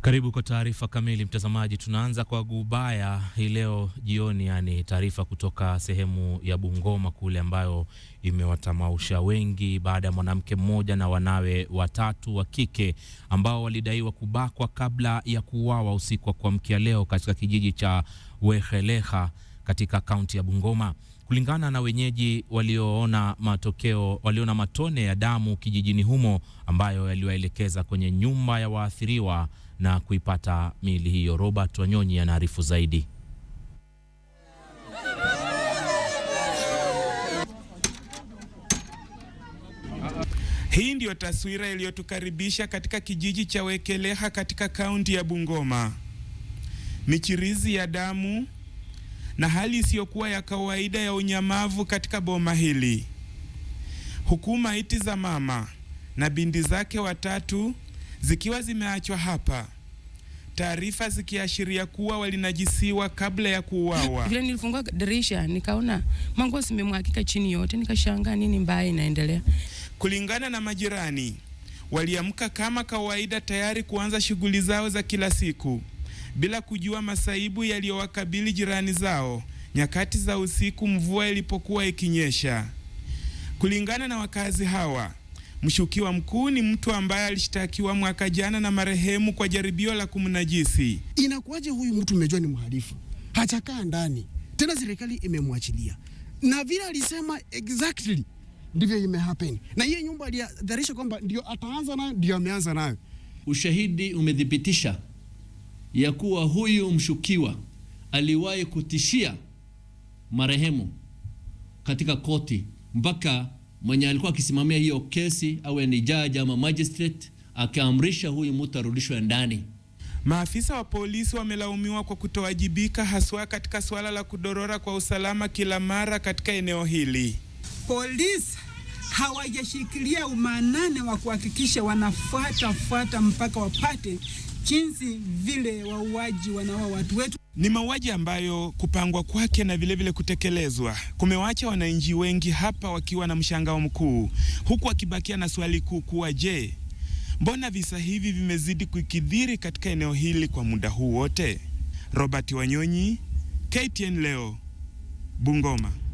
Karibu kwa taarifa kamili, mtazamaji. Tunaanza kwa Gubaya hii leo jioni, yani taarifa kutoka sehemu ya Bungoma kule ambayo imewatamausha wengi baada ya mwanamke mmoja na wanawe watatu wa kike ambao walidaiwa kubakwa kabla ya kuuawa usiku wa kuamkia leo katika kijiji cha Weheleha katika kaunti ya Bungoma. Kulingana na wenyeji walioona matokeo, waliona matone ya damu kijijini humo ambayo yaliwaelekeza kwenye nyumba ya waathiriwa na kuipata miili hiyo. Robert Wanyonyi anaarifu zaidi. Hii ndiyo taswira iliyotukaribisha katika kijiji cha Wekeleha katika kaunti ya Bungoma. Michirizi ya damu na hali isiyokuwa ya kawaida ya unyamavu katika boma hili, huku maiti za mama na binti zake watatu zikiwa zimeachwa hapa, taarifa zikiashiria kuwa walinajisiwa kabla ya kuuawa. Vile nilifungua dirisha nikaona manguo zimemwagika chini yote, nikashangaa nini mbaya inaendelea. Kulingana na majirani, waliamka kama kawaida tayari kuanza shughuli zao za kila siku, bila kujua masaibu yaliyowakabili jirani zao nyakati za usiku mvua ilipokuwa ikinyesha. Kulingana na wakazi hawa, mshukiwa mkuu ni mtu ambaye alishtakiwa mwaka jana na marehemu kwa jaribio la kumnajisi. Inakuwaje huyu mtu mmejua ni mhalifu, hachakaa ndani tena, serikali imemwachilia na vile alisema exactly ndivyo imehappen, na hiyo nyumba aliadharisha kwamba ndio ataanza nayo, ndio ameanza nayo. Ushahidi umethibitisha ya kuwa huyu mshukiwa aliwahi kutishia marehemu katika koti, mpaka mwenye alikuwa akisimamia hiyo kesi awe ni jaji ama magistrate akaamrisha huyu mtu arudishwe ndani. Maafisa wa polisi wamelaumiwa kwa kutowajibika haswa katika suala la kudorora kwa usalama kila mara katika eneo hili. Polisi hawajashikilia umanane wa kuhakikisha wanafuata fuata mpaka wapate jinsi vile wauaji wanaua watu wetu. Ni mauaji ambayo kupangwa kwake na vilevile kutekelezwa kumewaacha wananchi wengi hapa wakiwa na mshangao mkuu, huku wakibakia na swali kuu kuwa je, mbona visa hivi vimezidi kukidhiri katika eneo hili kwa muda huu wote? Robert Wanyonyi, KTN leo, Bungoma.